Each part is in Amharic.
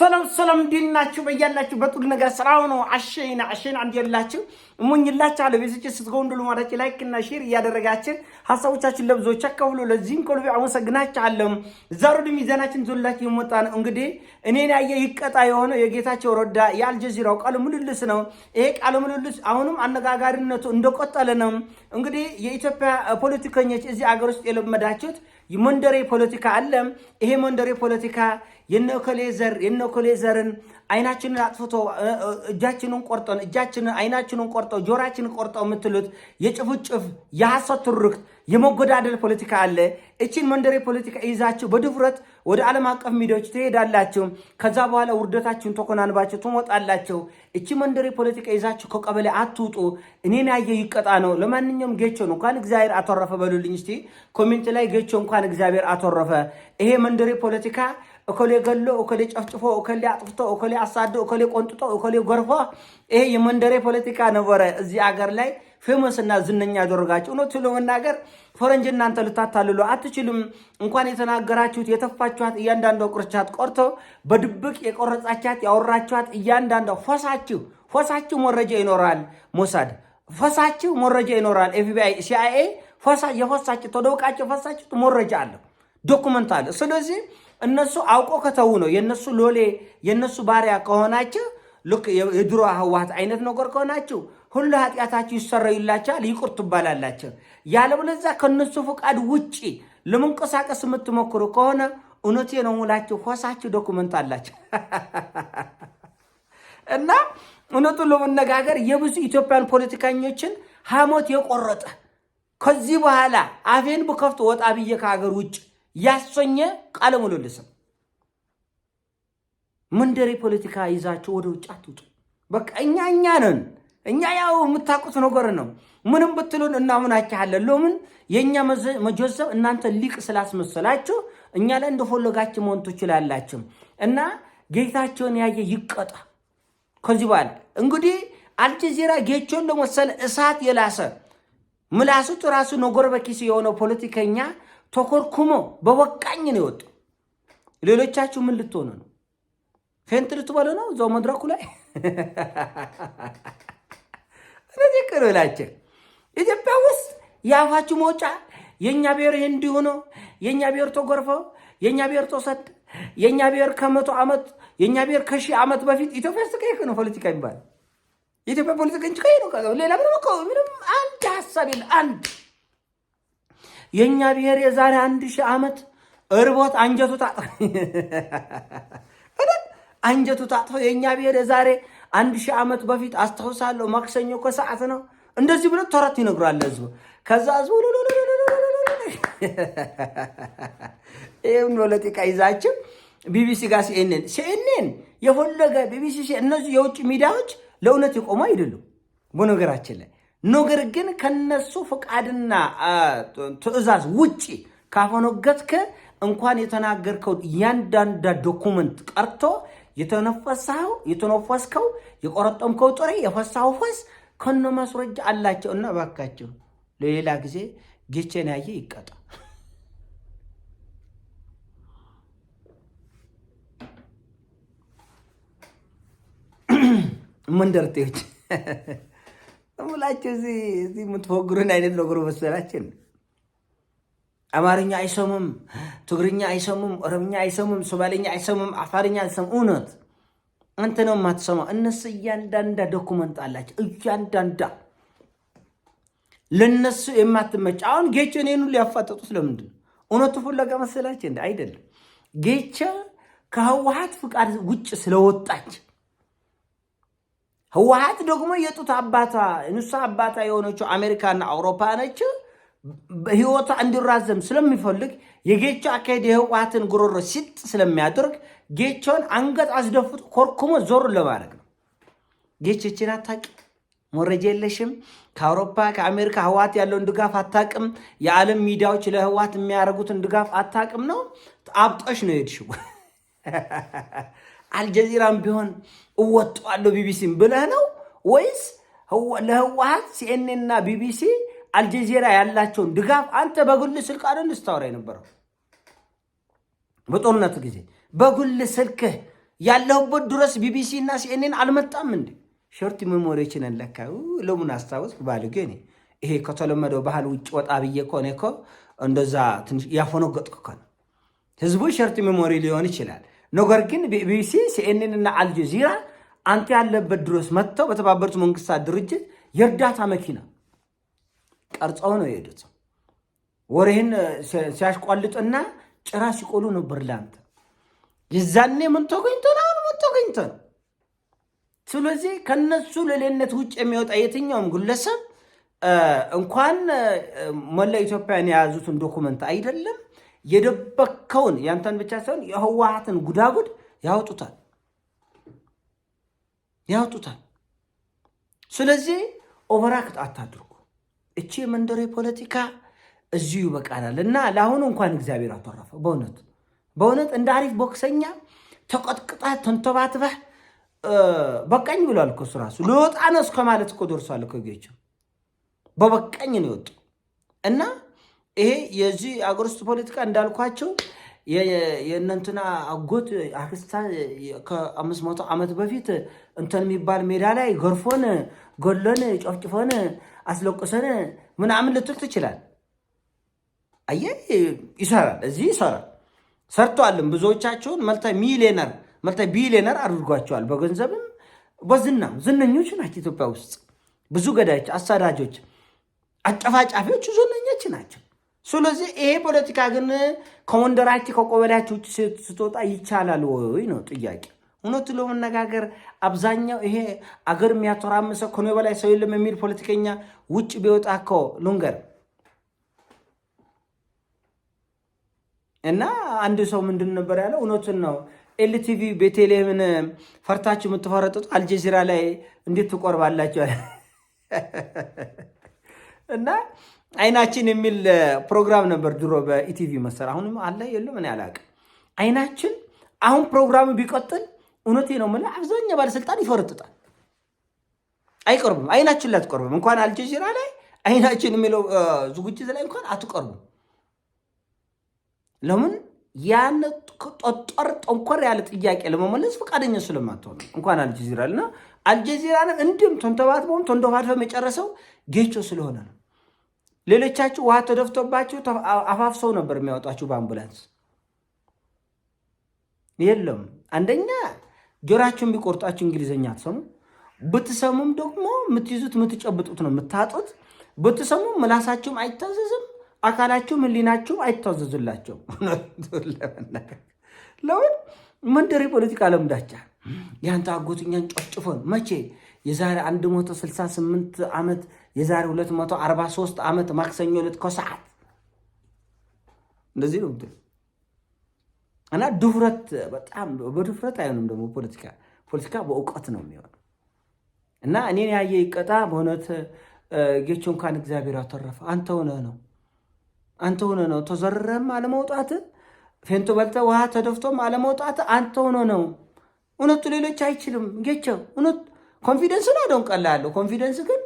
ሰላም ሰላም፣ እንዴት ናችሁ? በያላችሁ በጥሩ ነገር ስራው ነው። አሸይና አሸይና አንድ ያላችሁ እሞኝላችሁ አለ ቤዝች ስትገው እንደሉ ማለት ላይክ እና ሼር እያደረጋችሁ ሀሳቦቻችን ለብዙዎች አካፍሉ። ለዚህም ኮልቢ አመሰግናችኋለሁ። ዛሬ ደግሞ ሚዛናችን ዞላችሁ የመጣ ነው። እንግዲህ እኔን ያየ ይቀጣ የሆነ የጌታቸው ረዳ የአልጀዚራው ቃለ ምልልስ ነው። ይሄ ቃለ ምልልስ አሁንም አነጋጋሪነቱ እንደቆጠለ ነው። እንግዲህ የኢትዮጵያ ፖለቲከኞች እዚህ አገር ውስጥ የለመዳችሁት መንደሬ ፖለቲካ አለ። ይሄ መንደሬ ፖለቲካ የነኮሌ ዘር የነኮሌ ዘርን አይናችንን አጥፍቶ እጃችንን ቆርጠን እጃችንን አይናችንን ቆርጦ ጆራችንን ቆርጠው የምትሉት የጭፍጭፍ የሐሰት ትርክት የመጎዳደል ፖለቲካ አለ። እችን መንደሬ ፖለቲካ ይዛችሁ በድፍረት ወደ ዓለም አቀፍ ሚዲያዎች ትሄዳላችሁ። ከዛ በኋላ ውርደታችሁን ተኮናንባችሁ ትሞጣላችሁ። እቺ መንደሬ ፖለቲካ ይዛችሁ ከቀበሌ አትውጡ። እኔን ያየ ይቀጣ ነው። ለማንኛውም ጌቾ ነው እንኳን እግዚአብሔር አተረፈ በሉልኝ እስቲ ኮሜንት ላይ ጌቾ እንኳን እግዚአብሔር አተረፈ። ይሄ መንደር ፖለቲካ እኮሌ ገሎ፣ እኮሌ ጨፍጭፎ፣ እኮሌ አጥፍቶ፣ እኮሌ አሳዶ፣ እኮሌ ቆንጥጦ፣ እኮሌ ጎርፎ፣ ይሄ የመንደሬ ፖለቲካ ነበረ እዚህ አገር ላይ እና ዝነኛ ያደረጋቸው። እውነቱን ለመናገር ፈረንጅ እናንተ ልታታልሉ አትችሉም። እንኳን የተናገራችሁት የተፋችኋት እያንዳንዷ ቅርቻት ቆርቶ በድብቅ የቆረጻቻት ያወራችኋት እያንዳንዷ ፈሳችሁ ፈሳችሁ መረጃ ይኖራል። ሞሳድ ፈሳችሁ መረጃ ይኖራል። ኤፍቢአይ፣ ሲአይኤ የፈሳችሁ ተደውቃቸው ፈሳችሁ መረጃ አለ፣ ዶኩመንት አለ። ስለዚህ እነሱ አውቆ ከተዉ ነው የነሱ ሎሌ የነሱ ባሪያ ከሆናችሁ ልክ የድሮ ህወሓት አይነት ነገር ከሆናችሁ ሁሉ ኃጢአታችሁ ይሰረዩላችኋል፣ ይቅር ትባላላችሁ። ያለበለዚያ ከነሱ ፈቃድ ውጪ ለመንቀሳቀስ የምትሞክሩ ከሆነ እውነቴ ነው ሙላችሁ ሆሳችሁ ዶኩመንት አላችሁ እና እውነቱን ለመነጋገር የብዙ ኢትዮጵያን ፖለቲከኞችን ሐሞት የቆረጠ ከዚህ በኋላ አፌን ብከፍት ወጣ ብዬ ከሀገር ውጭ ያሰኘ ቃለ ምልልስም መንደሬ ፖለቲካ ይዛችሁ ወደ ውጭ አትውጡ። በቃ እኛ እኛ ነን። እኛ ያው የምታውቁት ነገር ነው። ምንም ብትሉን እናምናችኋለን። ለምን የእኛ መጆዘብ እናንተ ሊቅ ስላስመሰላችሁ እኛ ላይ እንደፈለጋችሁ መሆን ትችላላችሁ። እና ጌታቸውን ያየ ይቀጣ። ከዚህ በኋላ እንግዲህ አልጀዚራ ጌቾን ለመሰለ እሳት የላሰ ምላሱ ራሱ ነገር በኪስ የሆነ ፖለቲከኛ ተኮርኩሞ በወቃኝ ነው የወጣው። ሌሎቻችሁ ምን ልትሆኑ ነው? ፌንት ልትበሉ ነው? እዛው መድረኩ ላይ እነዚህ ቅር ብላችሁ ኢትዮጵያ ውስጥ የአፋችሁ መውጫ የእኛ ብሔር ይህ እንዲሁ ነው፣ የእኛ ብሔር ተጎርፈው፣ የእኛ ብሔር ተሰድ፣ የእኛ ብሔር ከመቶ ዓመት የእኛ ብሔር ከሺህ ዓመት በፊት ኢትዮጵያ ውስጥ ቀይ ነው ፖለቲካ የሚባል ኢትዮጵያ ፖለቲካ እንጂ ቀይ ነው። ሌላ ምንም አንድ ሀሳብ የለ አንድ የእኛ ብሔር የዛሬ አንድ ሺህ ዓመት እርቦት አንጀቱ ታጥፎ አንጀቱ ታጥፎ የእኛ ብሔር የዛሬ አንድ ሺህ ዓመት በፊት አስታውሳለሁ። ማክሰኞ ከሰዓት ነው። እንደዚህ ብሎ ተረት ይነግሯል ህዝቡ። ከዛ ህዝቡ ይህም ለጢቃ ይዛችም ቢቢሲ ጋር ሲኤንኤን ሲኤንኤን የፈለገ ቢቢሲ እነዚህ የውጭ ሚዲያዎች ለእውነት የቆሙ አይደሉም በነገራችን ላይ ነገር ግን ከነሱ ፈቃድና ትዕዛዝ ውጪ ካፈነገጥክ እንኳን የተናገርከው እያንዳንዳ ዶኩመንት ቀርቶ የተነፈሰው የተነፈስከው የቆረጠምከው ጥሬ የፈሳው ፈስ ከነ ማስረጃ አላቸው እና እባካችሁ ለሌላ ጊዜ ጌቼን ያየ ይቀጣ። መንደርቴዎች ሙላቸው እዚህ እዚህ የምትፎግሩን አይነት መሰላችን። አማርኛ አይሰሙም፣ ትግርኛ አይሰሙም፣ ኦሮምኛ አይሰሙም፣ ሶማሌኛ አይሰሙም፣ አፋርኛ አይሰሙም። እውነት አንተ ነው የማትሰማ። እነሱ እያንዳንዳ ዶኩመንት አላቸው፣ እያንዳንዳ ለነሱ የማትመች አሁን ጌቸ እኔኑ ሊያፋጠጡ ስለምንድን እውነቱ ፍለጋ መሰላችን? አይደለም ጌቸ ፍቃድ ውጭ ስለወጣች ህወሀት ደግሞ የጡት አባታ ንሷ አባታ የሆነችው አሜሪካና አውሮፓ ነች። ህይወቷ እንዲራዘም ስለሚፈልግ የጌቾ አካሄድ የህወሀትን ጉሮሮ ሲጥ ስለሚያደርግ ጌቾን አንገት አስደፉት ኮርኩሞ ዞር ለማድረግ ነው። ጌቾችን አታቂ መረጃ የለሽም። ከአውሮፓ ከአሜሪካ ህወሓት ያለውን ድጋፍ አታቅም የዓለም ሚዲያዎች ለህወሓት የሚያደርጉትን ድጋፍ አታቅም። ነው አብጦሽ ነው የሄድሽው። አልጀዚራም ቢሆን እወጣዋለሁ ቢቢሲም ብለህ ነው ወይስ ለህወሀት ሲኤንኤን እና ቢቢሲ አልጀዚራ ያላቸውን ድጋፍ አንተ በግል ስልክ አደ ስታወራ የነበረው በጦርነቱ ጊዜ በግል ስልክህ ያለሁበት ድረስ ቢቢሲ እና ሲኤንኤን አልመጣም እንዴ? ሾርት ሜሞሪዎችን ለካ ለምን አስታወስክ ባልጌ እኔ ይሄ ከተለመደው ባህል ውጭ ወጣ ብዬ ከሆነ እኮ እንደዛ ያፈነገጥኩ ከሆነ ህዝቡ ሾርት ሜሞሪ ሊሆን ይችላል። ነገር ግን ቢቢሲ፣ ሲኤንኤን እና አልጀዚራ አንተ ያለበት ድረስ መጥተው በተባበሩት መንግስታት ድርጅት የእርዳታ መኪና ቀርጸው ነው የሄዱት። ወሬህን ሲያሽቋልጡና ጭራ ሲቆሉ ነበር ለአንተ የዛኔ ምን ተገኝቶ ነው? አሁን ምን ተገኝቶ ነው? ስለዚህ ከነሱ ለሌነት ውጭ የሚወጣ የትኛውም ግለሰብ እንኳን መላ ኢትዮጵያን የያዙትን ዶኩመንት አይደለም የደበከውን ያንተን ብቻ ሳይሆን የህወሓትን ጉዳጉድ ያወጡታል ያወጡታል። ስለዚህ ኦቨራክት አታድርጉ። እቺ የመንደሬ ፖለቲካ እዚሁ ይበቃናል እና ለአሁኑ እንኳን እግዚአብሔር አተረፈ። በእውነት በእውነት እንደ አሪፍ ቦክሰኛ ተቆጥቅጣ ተንተባትበህ በቃኝ ብሏል እኮ እሱ ራሱ ልወጣ ነው እስከ ማለት እኮ ደርሷል እኮ ጌቸው በበቃኝ ነው የወጡ እና ይሄ የዚህ አገር ውስጥ ፖለቲካ እንዳልኳቸው የእነንትና አጎት አክስታ ከአምስት መቶ ዓመት በፊት እንትን የሚባል ሜዳ ላይ ገርፎን ገሎን ጨፍጭፎን አስለቁሰን ምናምን ልትል ትችላል። አየ ይሰራል፣ እዚህ ይሰራል። ሰርተዋልም ብዙዎቻቸውን መልታ ሚሊዮነር መልታ ቢሊዮነር አድርጓቸዋል። በገንዘብም በዝና ዝነኞች ናቸው። ኢትዮጵያ ውስጥ ብዙ ገዳዮች፣ አሳዳጆች፣ አጨፋጫፊዎች ዝነኞች ናቸው። ስለዚህ ይሄ ፖለቲካ ግን ከወንደራችሁ ከቆበዳችሁ ውጭ ስትወጣ ይቻላል ወይ ነው ጥያቄ። እውነቱ ለመነጋገር አብዛኛው ይሄ አገር የሚያተራምሰው ከኔ በላይ ሰው የለም የሚል ፖለቲከኛ ውጭ ቢወጣ እኮ ሉንገር እና አንድ ሰው ምንድን ነበር ያለው? እውነቱን ነው። ኤልቲቪ ቤቴሌምን ፈርታችሁ የምትፈረጡት አልጀዚራ ላይ እንዴት ትቆርባላችሁ? እና አይናችን የሚል ፕሮግራም ነበር ድሮ በኢቲቪ መሰራ። አሁንም አለ የለም እኔ አላውቅም። አይናችን አሁን ፕሮግራሙ ቢቀጥል እውነቴ ነው የምልህ አብዛኛው ባለስልጣን ይፈርጥጣል፣ አይቀርቡም። አይናችን ላይ አትቀርቡም። እንኳን አልጀዚራ ላይ አይናችን የሚለው ዝግጅት ላይ እንኳን አትቀርቡም። ለምን? ያን ጦር ጠንኮር ያለ ጥያቄ ለመመለስ ፈቃደኛ ስለማትሆን እንኳን አልጀዚራ ልና አልጀዚራንም እንዲሁም ተንተባትበውም ተንደፋድፈም የጨረሰው ጌቾ ስለሆነ ነው። ሌሎቻችሁ ውሃ ተደፍቶባችሁ አፋፍሰው ነበር የሚያወጧችሁ በአምቡላንስ። የለም አንደኛ ጆሮአችሁን ቢቆርጧችሁ እንግሊዝኛ አትሰሙ፣ ብትሰሙም ደግሞ የምትይዙት የምትጨብጡት ነው የምታጡት። ብትሰሙም ምላሳችሁም አይታዘዝም፣ አካላችሁም ህሊናችሁም አይታዘዙላቸውም። ለምን መንደር የፖለቲካ ለምዳቻ የአንተ አጎትኛን ጨፍጭፎን መቼ የዛሬ 168 ዓመት የዛሬ 243 ዓመት ማክሰኞ ዕለት ከሰዓት እንደዚህ ነው ምትል እና ድፍረት በጣም በድፍረት አይሆንም። ደግሞ ፖለቲካ ፖለቲካ በእውቀት ነው የሚሆነው። እና እኔን ያየ ይቀጣ። በእውነት ጌቾ እንኳን እግዚአብሔር አተረፈ። አንተ ሆነ ነው አንተ ሆነ ነው ተዘረረም አለመውጣት፣ ፌንቶ በልተ ውሃ ተደፍቶም አለመውጣት አንተ ሆነ ነው። እውነቱ ሌሎች አይችልም። ጌቸው እውነት ኮንፊደንስ ነው። አደውን ቀላለሁ ኮንፊደንስ ግን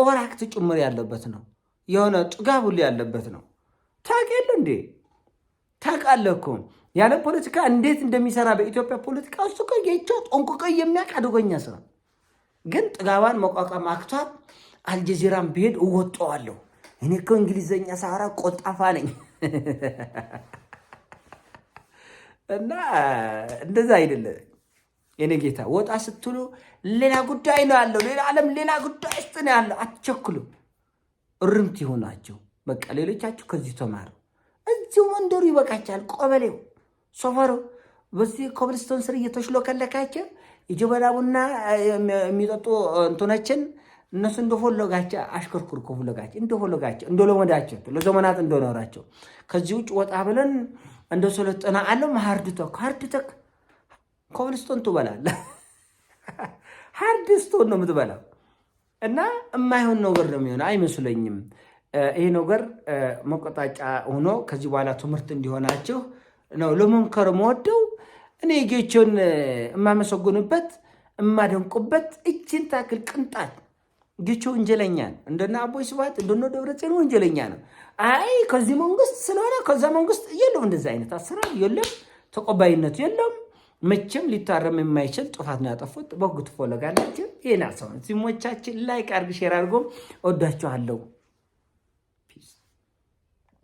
ኦቨርአክት ጭምር ያለበት ነው። የሆነ ጥጋብ ሁሉ ያለበት ነው። ታቅ የለ እንዴ? ታውቃለህ እኮ ያለ ፖለቲካ እንዴት እንደሚሰራ በኢትዮጵያ ፖለቲካ ውስጥ እኮ ጌቸው የሚያውቅ አደገኛ ስራ ግን ጥጋባን መቋቋም አክቷት አልጀዚራን ብሄድ እወጠዋለሁ። እኔ እኮ እንግሊዘኛ ሳራ ቆጣፋ ነኝ እና እንደዛ አይደለም። የኔ ጌታ ወጣ ስትሉ ሌላ ጉዳይ ነው ያለው። ሌላ ዓለም ሌላ ጉዳይ ውስጥ ነው ያለው። አትቸኩሉ፣ እርምት ይሆናቸው። በቃ ሌሎቻችሁ ከዚህ ተማሩ። እዚሁ መንደሩ ይበቃቻል። ቆበሌው፣ ሶፈሩ በዚህ ኮብልስቶን ስር እየተሽሎከለካችሁ የጀበና ቡና የሚጠጡ እንትኖችን እነሱ እንደፈለጋቸው አሽከርክር ከፈለጋቸው እንደፈለጋቸው እንደለመዳቸው ለዘመናት እንደኖራቸው ከዚህ ውጭ ወጣ ብለን እንደ ሰለጠነ ዓለም ሃርድቶክ ሃርድቶክ ኮብልስቶን ትበላለ፣ ሃርድስቶን ነው የምትበላው። እና የማይሆን ነገር ነው የሚሆነ አይመስለኝም። ይሄ ነገር መቆጣጫ ሆኖ ከዚህ በኋላ ትምህርት እንዲሆናችሁ ነው ለመምከር መወደው። እኔ ጌቾን የማመሰግንበት የማደንቁበት እችን ታክል ቅንጣት ጌቾ ወንጀለኛ ነው። እንደና አቦይ ስብሐት እንደነ ደብረጽዮን ወንጀለኛ ነው። አይ ከዚህ መንግስት ስለሆነ ከዛ መንግስት የለም፣ እንደዚህ አይነት አሰራር የለም፣ ተቀባይነቱ የለም። መቼም ሊታረም የማይችል ጥፋት ነው ያጠፉት። በህግ ትፈለጋላችሁ። ይህን አሳውን ሲሞቻችን ላይ ቀርግ ሼር አድርጎም እወዳችኋለሁ።